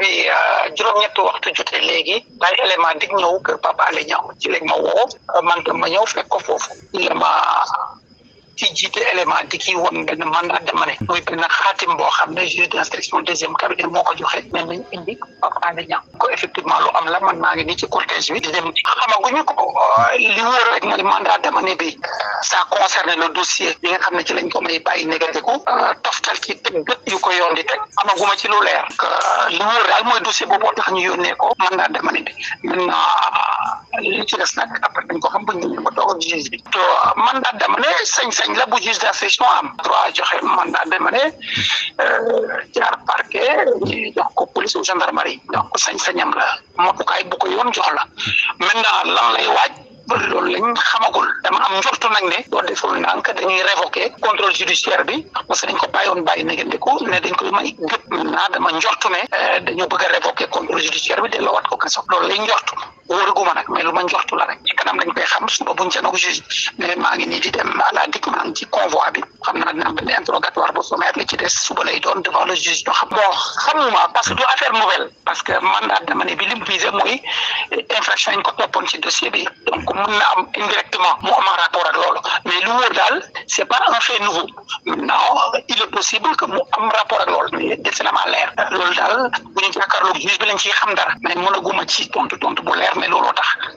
bi euh, juróom-ñetti waxtu jotee léegi lay élément dig ñëw kër Papa Alé Niang ci lañ ma woo euh, man tam ma ñëw fekk ko foofu ma ci jiite élément di kii woon benn mandat dama ne muy benn xaatim boo xam ne juge d'instruction deuxième cabinet moo ko joxe mais nañ indi Pape Alé Niang ko la man maa ngi nii ci cortège bi di dem xamaguñu ko li wóor rek na mandat dama ne bi ça concerne le dossier bi nga xam ne ci lañ ko may bàyyi négaté ko euh, toftal ci tëggat yu ko yoon di teg amaguma ci lu leer euh, li wóor daal mooy dossier boobu tax ñu yónnee ko mandat dama ne bi li ci des nag après dañ ko xam bu ñu ko toog ak sañ-sañ la bu juge d'instruction am. droit joxe mandat ne euh, jaar parquet ñu jox ko police ou gendarmerie jox ko sañ-sañam la matukaay bu ko yoon jox la maintenant lan lay waaj. bëri loolu lañ xamagul dama am njortu nag ne boo deful ndànk dañuy révoqué contrôle judiciaire bi parce que dañ ko bàyyoon bàyyi na ngeen ko ne dañ koy may gëpp maintenant dama njortu ne euh, dañu bëgg a révoqué contrôle judiciaire bi delloowaat ko kaso loolu lañ njortu wóoruguma nag mais lu ma njortu la rek ci kanam lañ koy xam suba buñ ca nagu juge mais maa ngi dem à la DIC ci convoi bi xam naa dina am interrogatoire bu sommaire ci des suba lay doon devant le juge xam. mu am rapport ak loolu mais lu wóor daal c' est pas nouveau il est possible que mu am rapport ak loolu mais des leer loolu daal bu ñu jàkkaarloog juge bi lañ ciy xam dara mais mënaguma ci tontu tontu bu leer. mais looloo tax